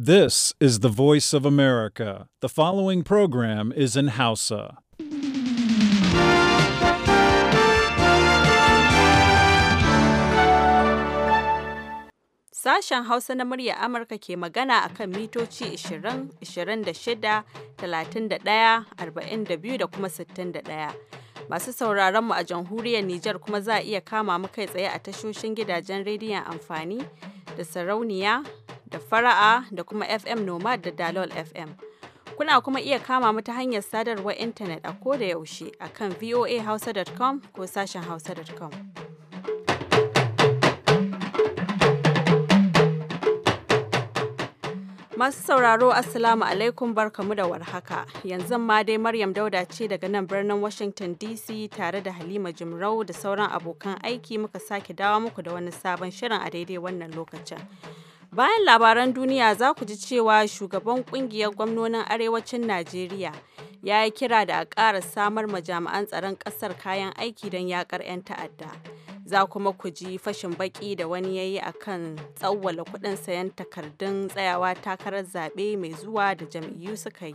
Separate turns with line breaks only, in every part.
This is the voice of America. The following program is in Hausa.
Sashen Hausa na murya Amurka ke magana a kan mitoci 20, 26, 31, 42 da kuma 61. Masu sauraron mu a jamhuriyar Nijar kuma za a iya kama mu kai tsaye a tashoshin gidajen rediyon amfani da sarauniya da Fara'a da kuma FM Nomad da Dalol FM. Kuna kuma iya kama mu ta hanyar sadarwar intanet a ko da yaushe a kan voahausa.com ko sashen hausa.com. Masu sauraro Assalamu alaikum barkamu da warhaka. Yanzu ma dai Maryam Dauda ce daga nan birnin Washington DC tare da Halima Jimrau da sauran abokan aiki muka sake dawo muku da wani sabon shirin a daidai wannan lokacin. Bayan labaran duniya za ku ji cewa shugaban kungiyar gwamnonin arewacin Najeriya ya yi kira da a ƙara samar ma jami'an tsaron ƙasar kayan aiki don yakar 'yan ta'adda. Za kuma ku ji fashin baki da wani ya yi a kan tsawwala kuɗin sayan takardun tsayawa takarar zaɓe mai zuwa da jam'iyyu suka yi.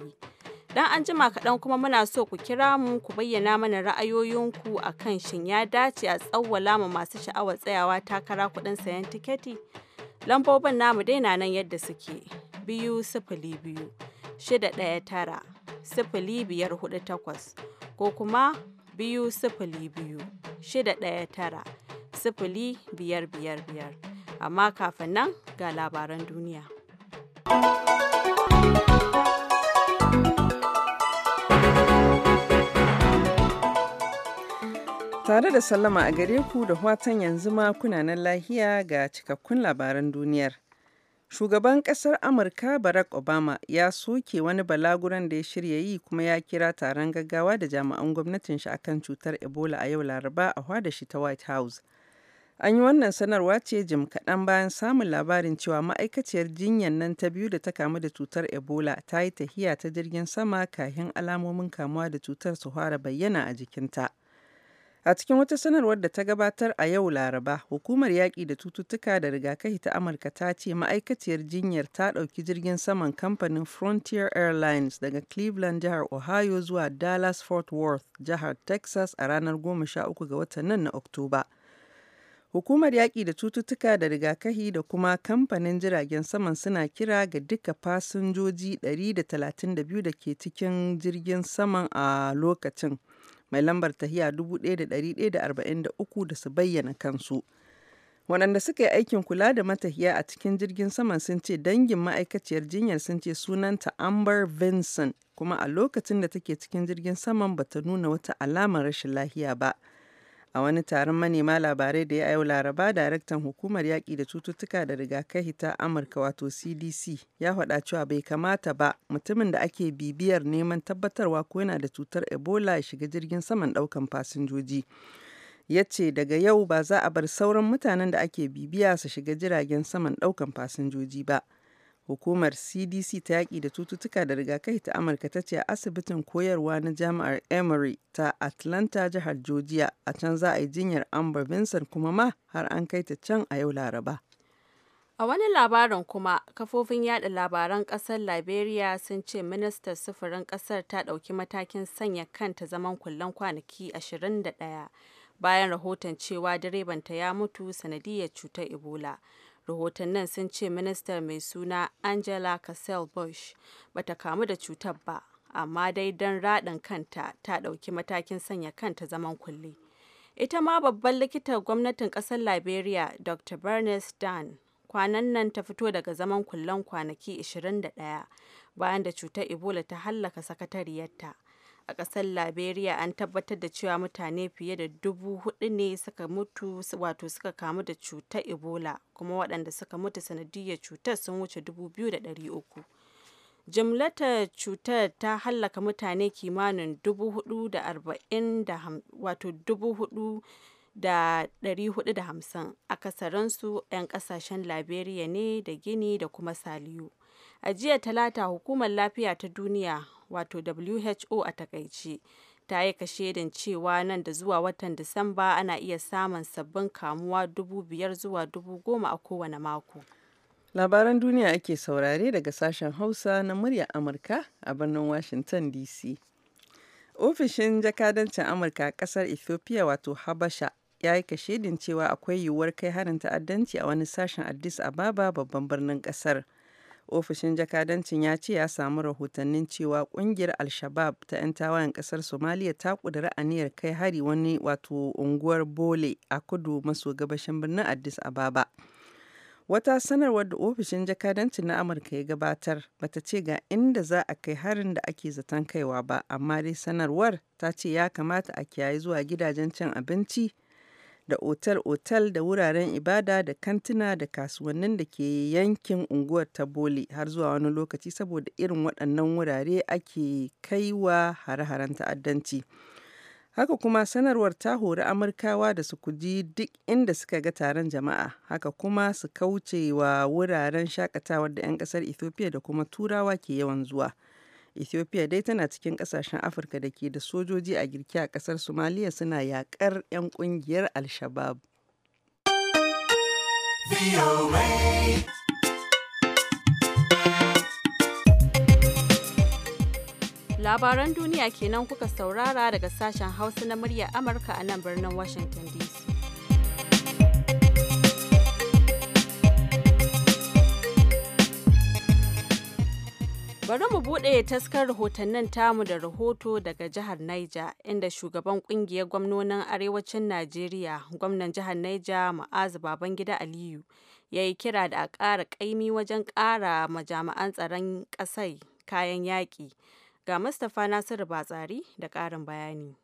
Dan an jima kaɗan kuma muna so ku kira mu ku bayyana mana ra'ayoyinku a kan shin ya dace a tsawwala ma masu sha'awar tsayawa takara kuɗin sayan tiketi. Lambobin namu dai na nan yadda suke. Biyu sifili biyu, shida ɗaya tara, sifili biyar hudu takwas, ko kuma biyu sifili biyu, shida ɗaya tara, sifili biyar biyar biyar. Amma kafin nan ga labaran duniya.
Tare da sallama a gare ku da watan yanzu ma kuna nan lahiya ga cikakkun labaran duniyar. Shugaban ƙasar Amurka Barack Obama ya soke wani balaguran da ya shirya yi kuma ya kira taron gaggawa da jami'an gwamnatin shi akan cutar Ebola a yau Laraba a hwada shi ta White House. An yi wannan sanarwa ce jim kaɗan bayan samun labarin cewa ma'aikaciyar jinyar nan ta biyu da ta kamu da cutar Ebola ta yi tahiya ta jirgin sama kahin alamomin kamuwa da cutar su fara bayyana a jikinta. A cikin wata sanarwar da ta gabatar a yau Laraba, Hukumar Yaƙi da Cututtuka da Rigakafi ta Amurka ta ce ma'aikaciyar jinyar ta ɗauki jirgin saman kamfanin Frontier Airlines daga Cleveland, jihar Ohio zuwa Dallas-Fort Worth, jihar Texas a ranar 13 ga watan nan na Oktoba. Hukumar Yaƙi da Cututtuka da Rigakafi da kuma kamfanin jiragen saman suna kira ga duka fasinjoji 132 da ke cikin jirgin saman a lokacin. mai lambar tahiya 1143 da su bayyana kansu. waɗanda suka yi aikin kula da matahiya a cikin jirgin saman sun ce dangin ma'aikaciyar jinyar sun ce sunanta amber vincent kuma a lokacin da take cikin jirgin saman bata nuna wata alamar rashin lahiya ba. A wani taron manema labarai da ya yau Laraba, daraktan Hukumar Yaƙi da Cututtuka da Rigakafi ta Amurka wato CDC ya faɗa cewa bai kamata ba mutumin da ake bibiyar neman tabbatarwa ko yana da cutar Ebola ya shiga jirgin saman ɗaukan fasinjoji. ya ce daga yau ba za a bar sauran mutanen da ake bibiya su shiga jiragen saman ɗaukan fasinjoji ba. Hukumar CDC ta yaƙi da cututtuka da rigakai ta Amurka ta ce a asibitin koyarwa na Jami'ar Emory ta Atlanta jihar Georgia a can za a yi jinyar Amber Vincent kuma ma har an kai ta can a yau Laraba.
A wani labarin kuma, kafofin yada labaran kasar Liberia sun ce ministar sufurin kasar ta ɗauki matakin sanya kanta zaman kullen kwanaki 21 bayan rahoton cewa direbanta ya mutu sanadiyar cutar Ebola. rahotannin sun ce ministar mai suna angela cassell bush bata kamu da cutar ba amma dai don raɗin kanta ta ɗauki matakin sanya kanta zaman kulle ita ma babban likitar gwamnatin ƙasar liberia dr bernice dan kwanan nan ta fito daga zaman kullen kwanaki 21 bayan da cutar ebola ta hallaka sakatariyarta a ƙasar liberia an tabbatar da cewa mutane fiye da dubu hudu ne suka mutu wato suka kamu da cutar ebola kuma waɗanda suka mutu sanadiyar cutar sun wuce dubu biyu da ɗari uku jimlata cutar ta hallaka mutane kimanin dubu hudu da arba'in da wato dubu hudu da ɗari hudu da hamsin a kasaransu 'yan ƙasashen liberia ne da gini da kuma saliyu A jiya talata hukumar lafiya ta duniya wato WHO a takaice ta yi kashedin cewa nan da zuwa watan Disamba ana iya samun sabbin kamuwa dubu biyar zuwa dubu goma a kowane mako.
Labaran duniya ake saurare daga sashen Hausa na murya Amurka a birnin Washington DC. Ofishin jakadancin Amurka a ƙasar Ethiopia wato Habasha ya yi kashedin cewa akwai yiwuwar kai harin ta'addanci a wani sashen Addis Ababa babban birnin ƙasar. ofishin jakadancin ya ce ya samu rahotannin cewa kungiyar al-shabab ta 'yan tawayen kasar somaliya ta kudura aniyar kai hari wani wato unguwar bole a kudu maso gabashin birnin addis ababa wata sanarwar da ofishin jakadanci na amurka ya gabatar bata ce ga inda za a kai harin da ake zaton kaiwa ba amma dai sanarwar ta ce ya kamata a kiyaye zuwa gidajen cin abinci da otal-otal da wuraren ibada da kantina, da kasuwannin da ke yankin unguwar ta har zuwa wani lokaci saboda irin waɗannan wurare ake kaiwa hare-haren ta'addanci. Haka kuma sanarwar ta hori Amurkawa da su kuji duk inda suka ga taron jama'a, haka kuma su kauce wa wuraren shakatawar da 'yan ƙasar Ethiopia da kuma Turawa ke yawan zuwa. Ethiopia dai tana cikin kasashen Afirka da ke da sojoji a girke a kasar Somalia suna yakar 'yan kungiyar al shabab
Labaran duniya kenan kuka saurara daga sashen Hausa na murya Amurka a nan birnin Washington DC. Bari mu buɗe taskar rahotannin tamu da rahoto daga jihar Niger inda shugaban kungiyar gwamnonin arewacin Najeriya gwamnan jihar Niger Ma'azu Babangida Aliyu ya yi kira da a ƙara ƙaimi wajen ƙara ma jami'an tsaron ƙasai kayan yaƙi. Ga Mustapha Nasiru Batsari da ƙarin bayani.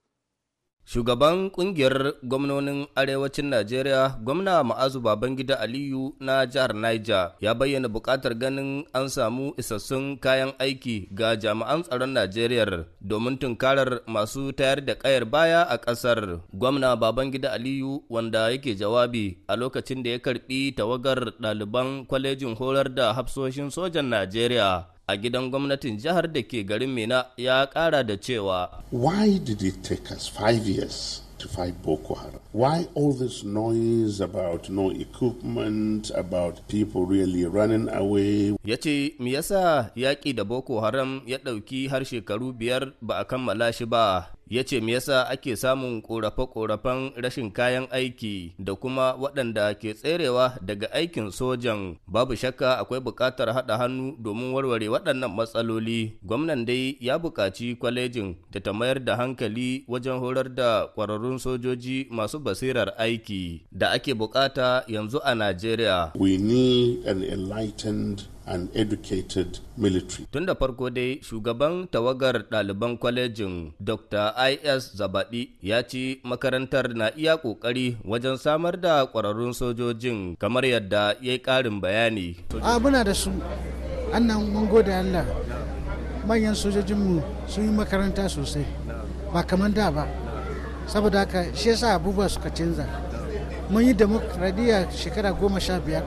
Shugaban kungiyar gwamnonin arewacin Najeriya, gwamna Ma'azu Babangida Aliyu na jihar Niger ya bayyana buƙatar ganin an samu isassun kayan aiki ga jami'an tsaron Najeriya domin tunkarar masu tayar da kayar baya a ƙasar. Gwamna Babangida Aliyu wanda yake jawabi a lokacin da ya karɓi tawagar ɗaliban kwalejin horar da hafsoshin sojan Najeriya a gidan gwamnatin jihar da ke garin Mina ya ƙara da cewa.
Why did it take us five years to fight Boko Haram. Why all this noise
about no equipment, about people really running away? Ya
ce, me yasa yaƙi da Boko Haram ya ɗauki har shekaru biyar ba a kammala shi ba, ya ce me yasa ake samun ƙorafe korafen rashin kayan aiki da kuma waɗanda ke tserewa daga aikin sojan babu shakka akwai buƙatar haɗa hannu domin warware waɗannan matsaloli gwamnan dai ya buƙaci kwalejin da ta mayar da hankali wajen horar da ƙwararrun sojoji masu basirar aiki da ake buƙata yanzu a najeriya
we need an and educated military.
Tun da farko dai shugaban tawagar ɗaliban kwalejin Dr. I.S. zabaɗi ya ci makarantar na iya ƙoƙari wajen samar da ƙwararrun sojojin kamar yadda ya yi ƙarin bayani. Abuna
da su, annan mun gode Allah. Manyan sojojinmu sun yi makaranta sosai, ba kamar da ba. Saboda haka shi yasa abubuwa suka canza. Mun yi demokradiyya shekara goma sha biyar.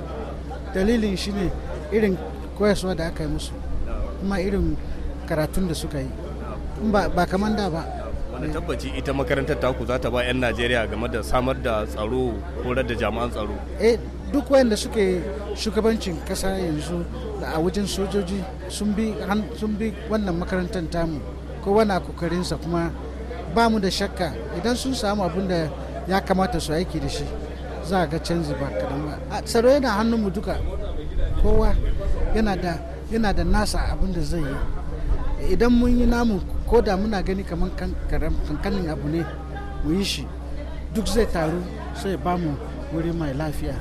Dalilin shi ne irin koyaswa da aka yi musu kuma irin karatun da suka yi ba kamar da ba
wani tabbaci ita makarantar taku za ta ba 'yan najeriya game da samar da tsaro horar da jami'an tsaro
eh duk wayanda suke shugabancin kasa yanzu a wajen sojoji sun bi wannan makarantar tamu kowa na kokarinsa kuma ba mu da shakka idan sun samu abin da ya kamata su aiki da shi za a ga canji ba kadan ba tsaro yana hannunmu duka kowa yana da yana da nasa abin da zai yi idan mun yi namu ko da muna gani kamar kankanin abu ne mu yi shi duk zai taru sai ba mu wuri mai lafiya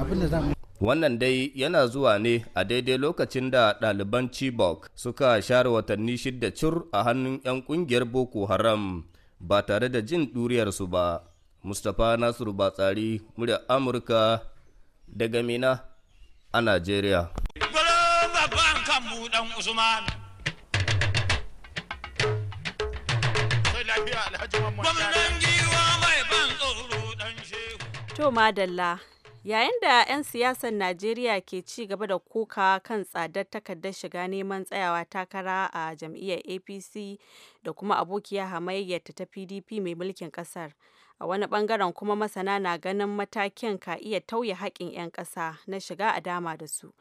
abin da za mu
wannan dai yana zuwa ne a daidai lokacin da ɗaliban chibok suka share watanni shidda cur a hannun 'yan kungiyar boko haram ba tare da jin su ba mustapha nasiru batsari murya amurka daga mina a Najeriya.
To Madalla, yayin da 'yan siyasar Najeriya ke ci gaba da kuka kan tsadar takardar shiga neman tsayawa takara a jam'iyyar APC da kuma abokiya hamayyar ta PDP mai mulkin kasar. A wani bangaren kuma masana na ganin matakin ka iya tauye haƙƙin 'yan ƙasa na shiga a dama da su.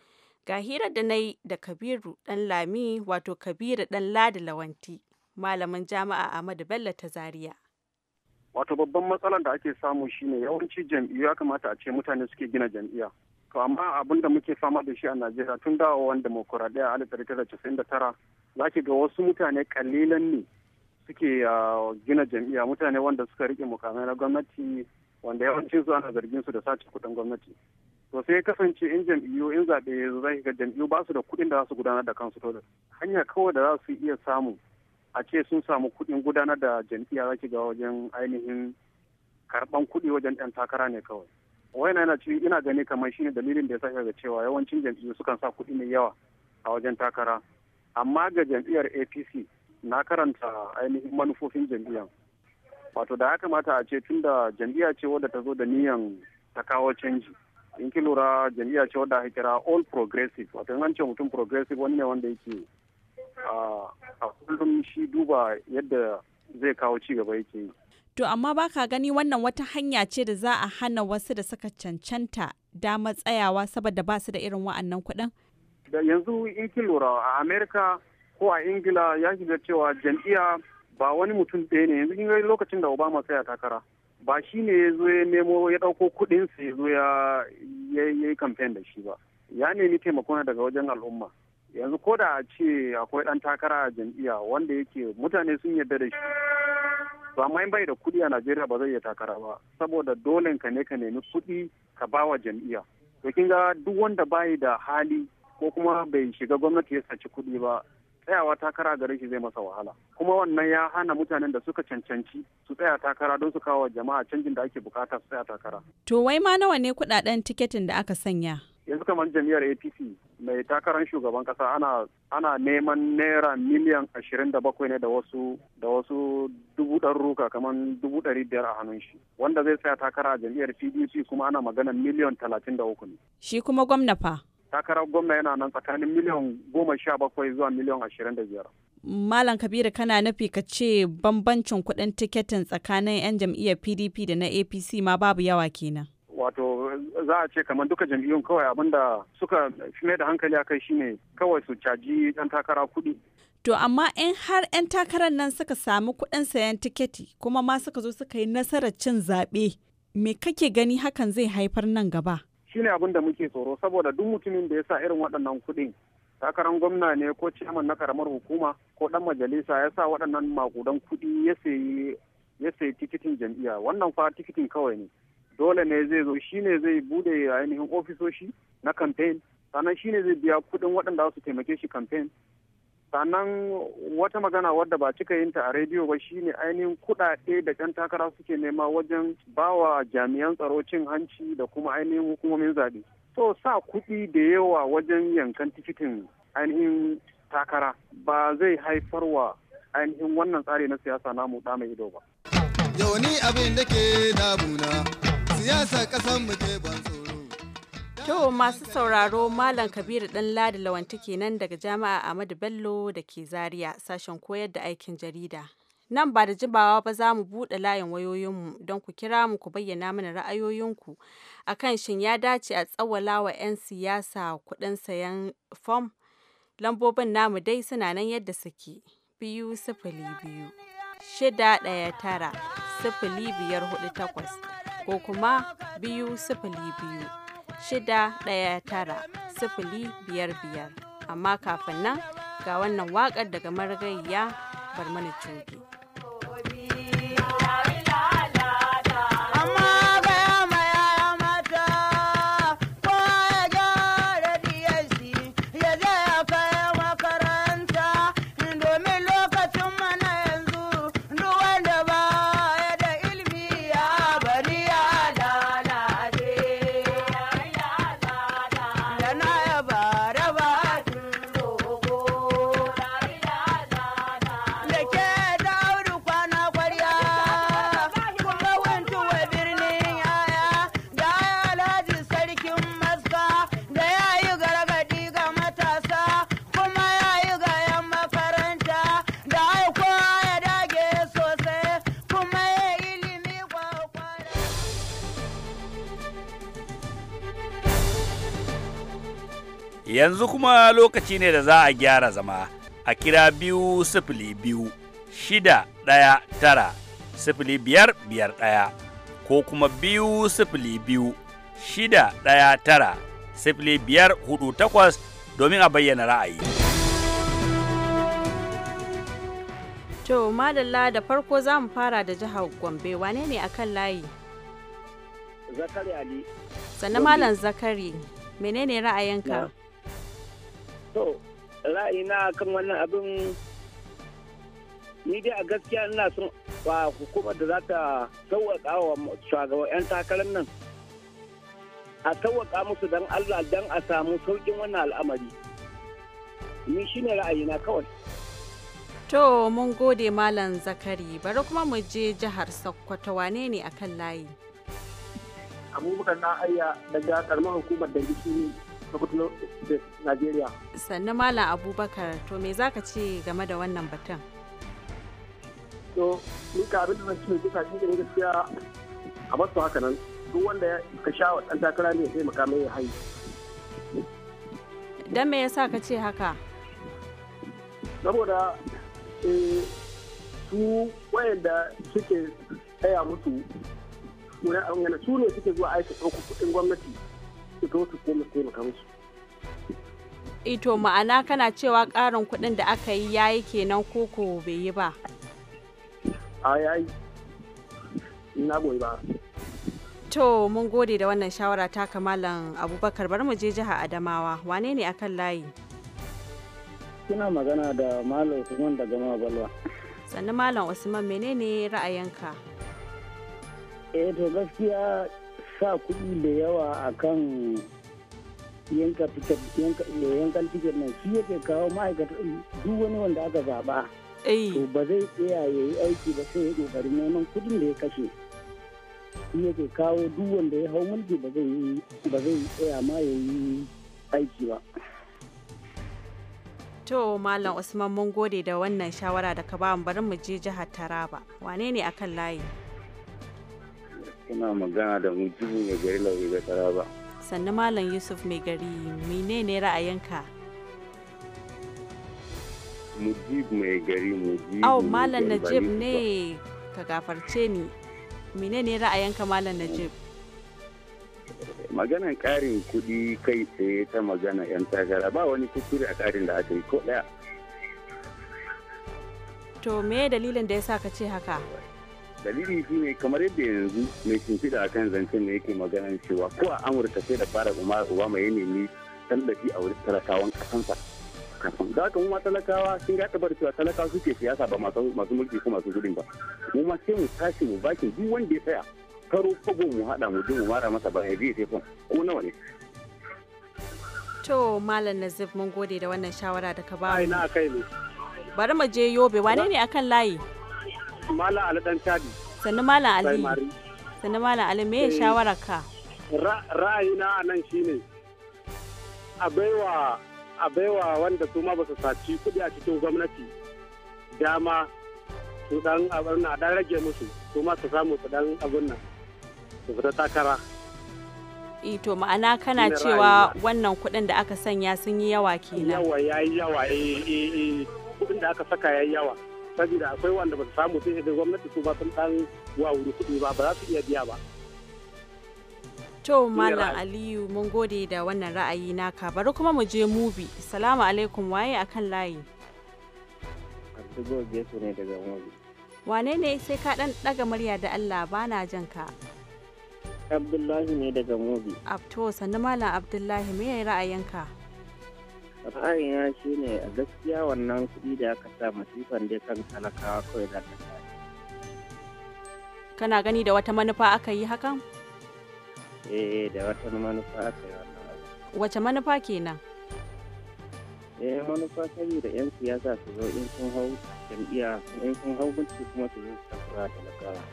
Ga hirar da na yi da Kabiru dan Lami wato Kabiru dan Ladi Lawanti, malamin jami'a Ahmadu Bello ta Zaria.
Wato babban matsalar da ake samu shine yawanci jam'iyyu ya kamata a ce mutane suke gina jam'iyya. To amma abin da muke fama da shi a Najeriya tun dawowar demokuraɗiyya a 1999 za ga wasu mutane kalilan ne suke uh, gina jam'iyya mutane wanda suka rike mukamai na gwamnati wanda yawancin su ana zargin su da sace kuɗin gwamnati to sai kasance in jam'iyyu in zaɓe zai ga jam'iyyu ba su da kuɗin da za su gudanar da kansu dole hanya kawai da za su iya samu a ce sun samu kuɗin gudanar da jam'iyya za ki ga wajen ainihin karɓan kuɗi wajen ɗan takara ne kawai wayan yana ci ina gani kamar shine dalilin da ya saka ga cewa yawancin jam'iyyu sukan sa kuɗi mai yawa a wajen takara amma ga jam'iyyar apc na karanta ainihin manufofin jam'iyya wato da ya kamata a ce tun da jam'iyya ce wadda ta zo da niyan ta kawo canji in ki lura jam'iyya ce wadda kira all progressive wato an ce mutum progressive wani ne wanda yake a kullum shi duba yadda zai kawo ci gaba yake yi
to amma baka gani wannan wata hanya ce da za a hana wasu da suka cancanta dama tsayawa saboda ba su da irin wa'annan kuɗin
yanzu in ki lura a america ko a ingila ya shiga cewa jam'iyya ba wani mutum ɗaya ne yanzu kinga lokacin da obama tsaya takara ba shi ne ya zo ya nemo ya ɗauko kuɗin sa ya zo ya yi kamfen da shi ba ya nemi taimakon daga wajen al'umma yanzu ko da a ce akwai ɗan takara a jam'iyya wanda yake mutane sun yarda da shi ba mai bai da kuɗi a najeriya ba zai iya takara ba saboda dole ka ne ka nemi kuɗi ka ba wa jam'iyya to kin duk wanda bayi da hali ko kuma bai shiga gwamnati ya saci kuɗi ba tsayawa takara garin shi zai masa wahala kuma wannan ya hana mutanen da suka cancanci su tsaya takara don su kawo wa jama'a canjin da ake bukata su tsaya takara
to wai ma nawa ne kudaden tiketin da aka sanya
yanzu kamar jami'ar apc mai takarar shugaban kasa ana ana neman naira miliyan ashirin da bakwai ne da wasu da wasu dubu ruka kamar dubu ɗari biyar a hannun shi wanda zai tsaya takara a jam'iyyar pdp kuma ana magana miliyan talatin da uku ne
shi kuma gwamna fa
takarar gwamna yana nan tsakanin miliyan goma sha bakwai zuwa miliyan ashirin da biyar.
Malam Kabiru kana nufi ka ce bambancin kuɗin tiketin tsakanin 'yan jam'iyyar PDP da na APC ma babu yawa kenan.
Wato za a ce kamar duka jam'iyyun kawai abinda suka fi da hankali akai shine kawai su caji ɗan takara kuɗi.
To amma in har 'yan takarar nan suka samu kuɗin sayan tiketi kuma ma suka zo suka yi nasarar cin zaɓe, me kake gani hakan zai haifar nan gaba?
shine abin da muke tsoro saboda duk mutumin da ya sa irin waɗannan kuɗin takarar gwamna ne ko ciyaman na karamar hukuma ko ɗan majalisa ya sa waɗannan makudan kuɗi ya sai tikitin jam'iyya wannan fa tikitin kawai ne dole ne zai zo shine zai bude ainihin ofisoshi na campaign sannan ne zai biya kuɗin waɗanda su taimake shi campaign sannan wata magana wadda ba cika yinta a rediyo ba shine ainihin kuɗaɗe da yan takara suke nema wajen bawa jami'an tsaro cin hanci da kuma ainihin hukumomin zaɓe so sa kuɗi da yawa wajen yankan tikitin ainihin takara ba zai haifar wa ainihin wannan tsari na siyasa namu ɗa mai ido ba. Yau ni abin da ke damuna
siyasa ƙasar mu ke banzo. To masu sauraro Malam Kabiru ɗan Ladi Lawanti kenan daga Jami'a Ahmadu Bello da ke Zaria sashen koyar da aikin jarida. Nan ba da jibawa ba za mu buɗe layin wayoyinmu don ku kira mu ku bayyana mana ra'ayoyinku akan shin ya dace a tsawala wa 'yan siyasa kuɗin sayan fom. Lambobin namu dai suna nan yadda suke biyu sifili biyu shida ɗaya tara sifili biyar hudu takwas ko kuma biyu sifili biyu shida ɗaya tara sifili biyar biyar amma kafin nan ga wannan waƙar daga marigayya bar mana coge.
yanzu kuma lokaci ne da za a gyara zama a kira biyu sifili biyu shida ɗaya tara sifili biyar biyar ɗaya ko kuma biyu sifili biyu shida ɗaya tara sifili biyar hudu takwas domin a bayyana ra'ayi.
To madalla da farko za mu fara da jihar Gombe wane ne a kan layi?
Zakari Ali.
Sannan Malam Zakari menene ra'ayinka? Yeah.
To, ra'ayina kan wannan abin ni dai a gaskiya ina son ba hukumar da za ta sauwaƙa wa shugaban 'yan takarar nan a sauwaƙa musu don Allah don a samu saukin wannan al'amari ni shine ra'ayina kawai
to mun gode malam zakari bari kuma mu je jihar sokoto wane ne akan layi
abubakar na aya daga karamar hukumar da ne na kudin Najeriya.
Sannan Malam Abubakar to me za ka ce game da wannan batun?
To, ni ka abin da zan ce duka shi ne gaskiya a masu haka nan duk wanda ka sha wa ɗan takara ne sai makamai ya hayi.
Don me yasa ka ce haka?
Saboda eh, su wayanda suke tsaya musu su ne suke zuwa aiki ɗauku kuɗin gwamnati su zo su koma taimaka musu
ito eh, ma'ana kana cewa ƙarin kuɗin da aka yi yayi kenan koko bai yi ba
a yayi na goyi ba
to mun gode da wannan shawara ta kamalan abubakar bari mu je jiha adamawa wane ne akan layi
kina magana da malam usman daga Balwa.
sannan malam usman menene ra'ayinka eh to gaskiya sa
kuɗi da yawa a kan yanka yankan tiket nan shi yake kawo ma'aikata duk wani wanda aka zaɓa to ba zai tsaya ya yi aiki ba sai ya ƙoƙarin neman kuɗin da ya kashe shi yake kawo duk wanda ya hau mulki ba zai tsaya ma ya yi aiki ba
To Malam Usman mun gode da wannan shawara da ka ba mu bari mu je jihar Taraba. Wane ne akan layi?
kuna magana da mujibu mai gari lauri da ba.
sannu malam yusuf mai gari menene ra'ayinka
mujib mai gari mujib au malam najib ne
ka gafarce ni menene ra'ayinka malam najib
maganan karin kuɗi kai tsaye ta magana 'yan takara ba wani kuskure a karin da aka yi ko ɗaya
to me dalilin da ya sa ka ce haka
dalili shi ne kamar yadda yanzu mai shimfiɗa a kan zancen ne yake maganan cewa ko a amurka sai da fara umar obama ya nemi tallafi a wurin talakawan kasansa kafin da haka mu talakawa sun ga cewa talakawa suke siyasa ba masu mulki ko masu gudun ba mu ma sai mu tashi mu bakin duk wanda ya tsaya karo kogo mu haɗa mu je mu mara masa ba ya biye telefon ko nawa ne
to malam nazif mun gode da wannan shawara da ka ba mu bari mu je yobe wane ne akan layi
Malam Ali dan Tadi.
Sannu Malam Ali. Sannu Malam Ali me ya eh, shawara ka?
Ra'ayina a nan shine a baiwa a baiwa wanda su ma ba su saci kuɗi a cikin gwamnati dama su dan abin a dan rage musu su ma su samu su dan abin nan su fita takara.
E, to ma'ana kana cewa wannan kuɗin da aka sanya sun yi yawa kenan. Yawa
yayi yawa eh eh kudin eh, kuɗin da aka saka yayi yawa. saboda akwai wanda ba su samu sai da gwamnati su ba sun dan wa wuri kuɗi ba ba za su iya biya ba
To Malam Aliyu mun gode da wannan ra'ayi naka bari kuma mu je mubi. Salamu alaikum waye akan layi.
ne daga mubi.
Wane ne sai ka dan daga murya da Allah bana jan ka.
Abdullahi ne daga mubi.
Abto sannu Malam Abdullahi me ra'ayinka?
ra'ayina shi ne a gaskiya wannan kuɗi da aka sa masifan dai kan talakawa kawai za ta
kana gani da wata manufa aka yi hakan?
eh da wata manufa aka yi wannan
wace manufa kenan?
eh manufa saboda 'yan siyasa su zo in sun hau jam'iyya in sun hau gunci kuma su zo su talakawa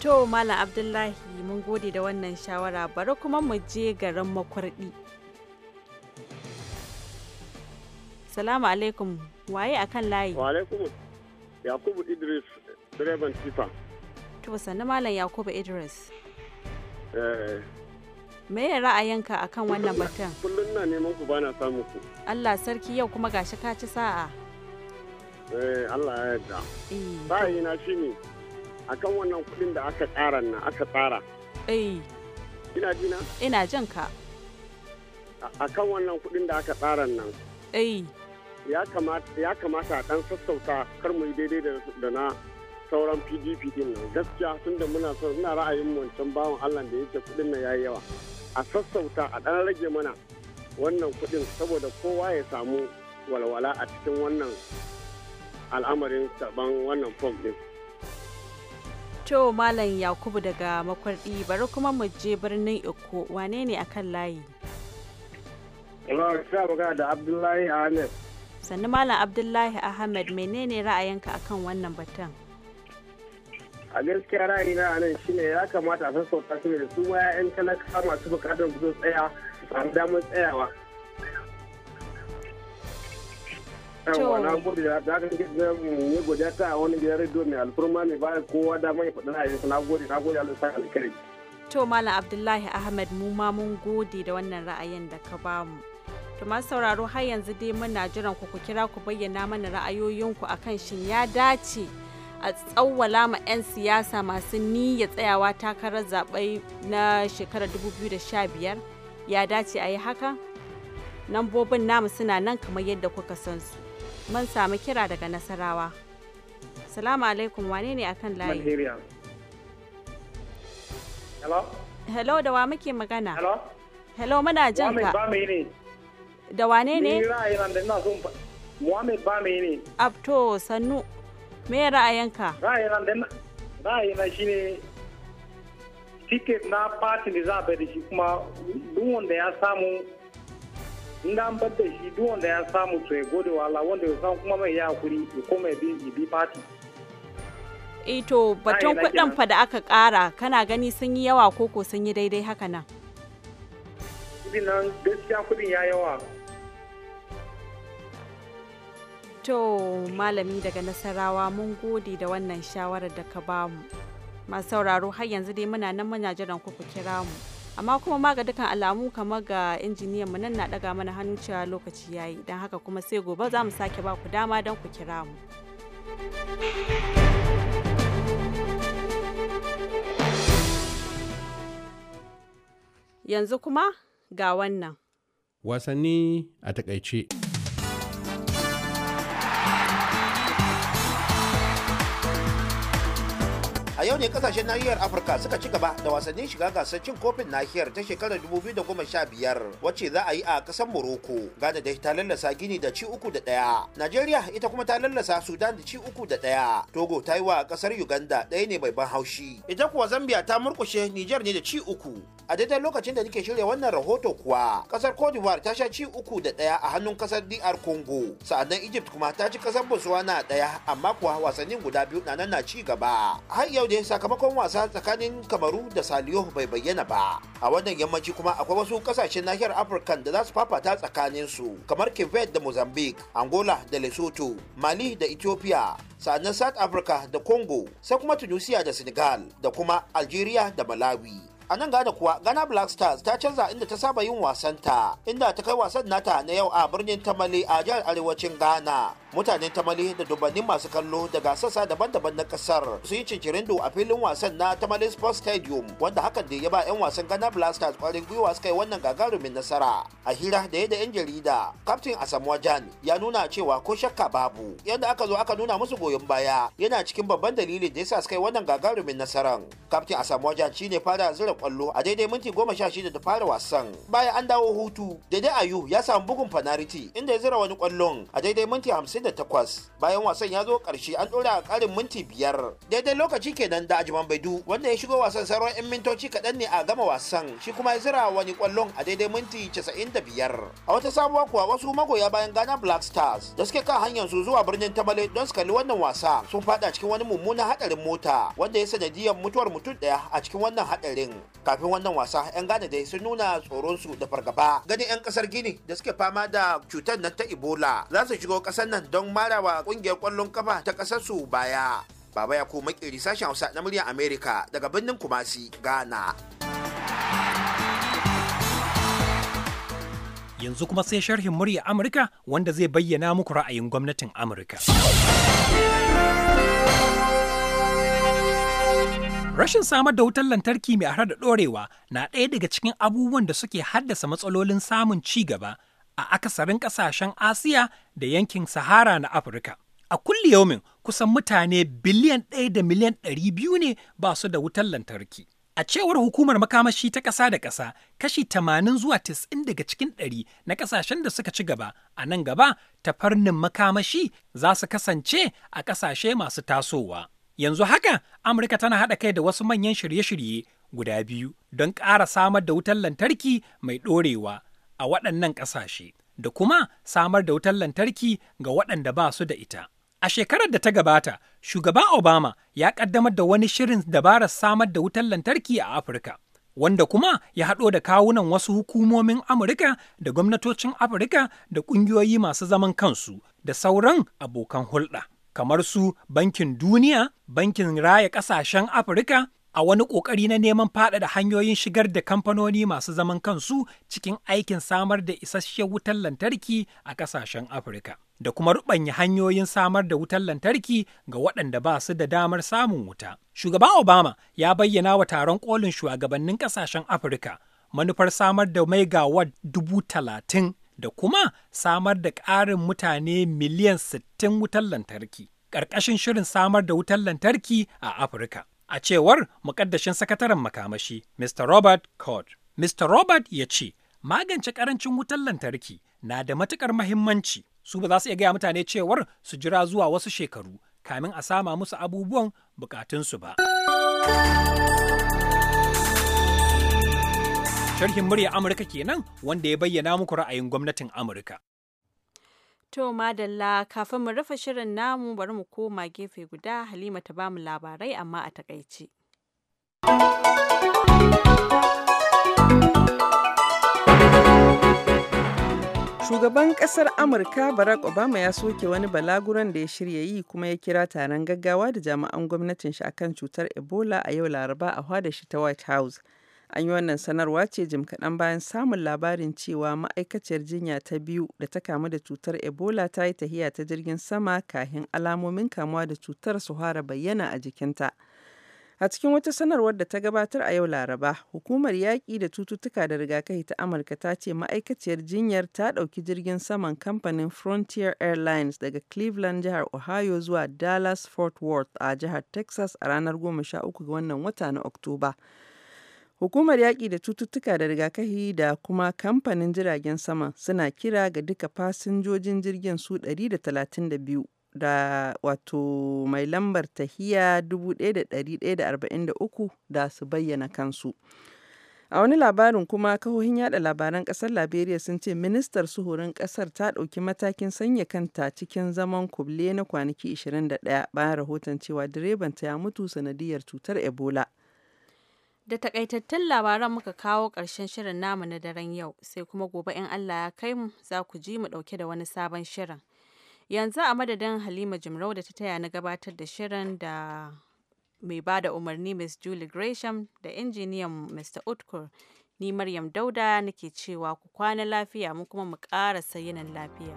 To Malam Abdullahi mun gode da wannan shawara bari kuma mu je garin makwarɗi. Salamu alaikum. Waye a kan layi? Wa alaikum.
Yakubu Idris, direban tifa.
To sannu Malam Yakubu Idris. Eh. Me ya ra'ayinka a kan wannan batun?
Kullum na neman ku bana samu ku.
Allah sarki yau kuma gashi ka ci sa'a.
Eh, Allah ya yarda. Eh. ne a akan wannan kudin da aka tsara na aka tsara.
Eh. Ina jina? Ina jin ka.
Akan wannan kudin da aka tsara nan. Eh. ya kamata a ɗan sassauta kar mu yi daidai da na sauran pdp din nan gaskiya tun da muna son ina ra'ayin wancan bawan allah da yake kudin nan yayi yawa a sassauta a ɗan rage mana wannan kudin saboda kowa ya samu walwala a cikin wannan al'amarin saban wannan fom din
to malam yakubu daga makwardi bari kuma mu je birnin iko wane ne akan layi
Allah ya da Abdullahi Ahmed.
sannu malam abdullahi ahmed menene ra'ayinka akan wannan batun
a gaskiya ra'ayina a nan shine ya kamata a sassauta su da su ma 'ya'yan talaka masu bukatar su tsaya samu damar tsayawa yawwa na gode da aka ke da ya godiya ta wani gidan rediyo mai alfurma mai baya kowa damar ya faɗi ra'ayinsa na gode na gode Allah sa alkhairi
to malam abdullahi ahmed mu ma mun gode da wannan ra'ayin da ka bamu To masu sauraro har yanzu dai muna jiran ku kira ku bayyana mana ra'ayoyinku akan shin ya dace a tsawwala ma 'yan siyasa masu niyya tsayawa takarar zaɓe na shekarar 2015 ya dace a yi haka? Nambobin namu suna nan kamar yadda kuka san su. Mun samu kira daga Nasarawa. Salamu alaikum wane ne akan layi? Hello? Hello da wa muke magana? Hello? Hello muna jin ka. da wane ne? Ni ra'ayin da ina son Muhammad Bame ne. Abto Sannu me ra'ayinka? Ra'ayin da ra'ayina ne
ticket na party da za a da shi kuma duwan da ya samu inda da an bar da shi duk wanda ya samu to ya gode wa Allah wanda ya samu kuma mai ya hakuri ya koma ya bi
party. Ito eh batun kuɗin fa da aka ƙara kana gani sun yi yawa koko sun yi daidai haka nan.
Kudin nan gaskiya kudin ya yawa
To malami daga Nasarawa mun gode da wannan shawarar da ka bamu. Masu sauraro har yanzu dai muna nan muna jiran ku ku kira mu. Amma kuma ma ga dukkan alamu kamar ga injiniyan mu nan na daga mana hannu cewa lokaci yayi. Dan haka kuma sai gobe za mu sake ba ku dama dan ku kira mu. Yanzu kuma ga wannan.
Wasanni a takaice.
a yau ne kasashen nahiyar afirka suka ci gaba da wasannin shiga gasar cin kofin nahiyar ta shekarar biyar. wacce za a yi a kasar morocco ghana da ta lallasa gini da ci uku da daya Nigeria ita kuma ta lallasa sudan da ci uku da daya togo ta yi wa kasar uganda ɗaya ne mai ban haushi ita kuwa zambia ta murkushe niger ne da ci uku a daidai lokacin da nake shirya wannan rahoto kuwa kasar cote d'ivoire ta sha ci uku da daya a hannun kasar dr congo sa'annan egypt kuma ta ci kasar botswana daya amma kuwa wasannin guda biyu na nan na ci gaba har yau ne sakamakon wasa tsakanin kamaru da saliyo bai bayyana ba a wannan yammaci kuma akwai wasu kasashen nahiyar afirka da za su fafata tsakanin su kamar quebec da mozambique angola da lesotho mali da ethiopia sa'annan south africa da congo sai kuma tunisia da senegal da kuma algeria da malawi a nan gada kuwa ghana black stars ta canza inda ta saba yin wasanta inda ta kai wasan nata na yau a birnin tamale a jihar arewacin ghana mutanen tamale da dubannin masu kallo daga sassa daban-daban na kasar su yi cincirindo a filin wasan na tamale sports stadium wanda hakan da ya ba 'yan wasan ghana black stars kwarin gwiwa su kai wannan gagarumin nasara a hira da yadda 'yan jarida captain asamoah ya nuna cewa ko shakka babu yadda aka zo aka nuna musu goyon baya yana cikin babban dalilin da ya sa su kai wannan gagarumin nasaran captain asamoah jan shine fara zira kwallo a daidai minti goma sha shida da fara wasan bayan an dawo hutu daidai ayu ya samu bugun fanariti inda ya zira wani kwallon a daidai minti hamsin da takwas bayan wasan ya zo karshe an dora a karin minti biyar daidai lokaci kenan da ajiman baidu wanda ya shigo wasan sauran yan mintoci kaɗan ne a gama wasan shi kuma ya zira wani kwallon a daidai minti casa'in da biyar a wata sabuwa kuwa wasu magoya bayan ghana black stars da suke kan hanyar su zuwa birnin tamale don su kalli wannan wasa sun fada cikin wani mummunan hadarin mota wanda ya sanadiyar mutuwar mutum daya a cikin wannan hadarin kafin wannan wasa 'yan gane dai sun nuna tsoronsu da fargaba ganin 'yan kasar gini da suke fama da cutar nan ta ebola za su shigo kasar nan don marawa kungiyar kwallon kafa ta kasar su baya baba ya ko makiri sashen hausa na muryar america daga birnin kumasi ghana
yanzu kuma sai sharhin murya amurka wanda zai bayyana muku ra'ayin gwamnatin amurka Rashin samar da wutar lantarki mai hada da ɗorewa na ɗaya daga cikin abubuwan da suke haddasa matsalolin samun ci gaba a akasarin ƙasashen Asiya da yankin Sahara na Afirka. A kulli yaumin kusan mutane biliyan ɗaya da miliyan ɗari biyu ne ba su da wutar lantarki. A cewar hukumar makamashi ta ƙasa da ƙasa, kashi tamanin zuwa 90 daga cikin ɗari na ƙasashen da suka ci gaba a nan gaba tafarnin makamashi za su kasance a ƙasashe masu tasowa. Yanzu haka, Amurka tana haɗa kai da wasu manyan shirye-shirye guda biyu don ƙara samar da wutar lantarki mai ɗorewa a waɗannan ƙasashe da kuma samar da wutar lantarki ga waɗanda ba su da ita. A shekarar da ta gabata, shugaba Obama ya ƙaddamar da wani shirin dabarar samar da wutar lantarki a Afirka. wanda kuma ya haɗo da kawunan wasu hukumomin Amurka da gwamnatocin Afirka da ƙungiyoyi masu zaman kansu da sauran abokan hulɗa. kamar su Bankin Duniya, Bankin Raya Ƙasashen Afirka a wani ƙoƙari na neman faɗaɗa hanyoyin shigar da kamfanoni masu zaman kansu cikin aikin samar da isasshen wutar lantarki a ƙasashen Afirka. Da kuma ruɓanya hanyoyin samar da wutar lantarki ga waɗanda ba su da damar samun wuta. Shugaban Obama ya bayyana wa taron kolin shugabannin ƙasashen Afirka manufar samar da megawatt dubu talatin da kuma samar da ƙarin mutane miliyan sittin wutar lantarki ƙarƙashin shirin samar da wutar lantarki a Afirka. A cewar muƙaddashin sakataren makamashi, Mr. Robert Cord. Mr. Robert ya ce, magance ƙarancin wutar lantarki na da matuƙar mahimmanci. Su ba za su iya gaya mutane cewar su jira zuwa wasu shekaru kamin a sama musu abubuwan bukatunsu ba. Sharhin murya Amurka kenan wanda ya bayyana muku ra'ayin gwamnatin Amurka.
To madalla kafin mu rufe shirin namu bari mu koma gefe guda Halima ta bamu labarai amma a takaice.
Shugaban ƙasar Amurka Barack Obama ya soke wani balaguran da ya shirya yi kuma ya kira taron gaggawa da jami'an gwamnatin shi akan cutar Ebola a yau Laraba a shi ta White House. An yi wannan sanarwa ce jim kaɗan bayan samun labarin cewa ma'aikaciyar jinya ta biyu da ta kamu da cutar Ebola ta yi tahiya ta jirgin sama kahin alamomin kamuwa da cutar su fara bayyana a jikinta. A cikin wata sanarwar da ta gabatar a yau Laraba, hukumar yaƙi da cututtuka da rigakafi ta Amurka ta ce ma'aikaciyar jinyar ta ɗauki jirgin saman kamfanin Frontier Airlines daga Cleveland jihar Ohio zuwa Dallas Fort Worth a jihar Texas a ranar 13 ga wannan wata na Oktoba. Hukumar Yaƙi da Cututtuka da Rigakafi da kuma Kamfanin Jiragen Sama suna kira ga duka fasinjojin jirgin su 132 da wato mai lambar tahiya 1143 da su bayyana kansu. A wani labarin kuma kahohin yada labaran kasar Liberia sun ce ministar suhurin kasar ta ɗauki matakin sanya kanta cikin zaman kuble na kwanaki 21 bayan rahoton cewa direban ta ya mutu sanadiyar cutar Ebola.
Da takaitattun labaran muka kawo ƙarshen shirin namu na daren yau, sai kuma gobe in Allah ya kai mu za ku ji mu ɗauke da wani sabon shirin. Yanzu a madadin Halima Jimrau da ta taya na gabatar da shirin da mai ba da umarni Miss Julie Gresham da injiniyan Mr. Utkur. Ni Maryam Dauda nake cewa ku kwana lafiya mu kuma mu ƙara sayinan lafiya.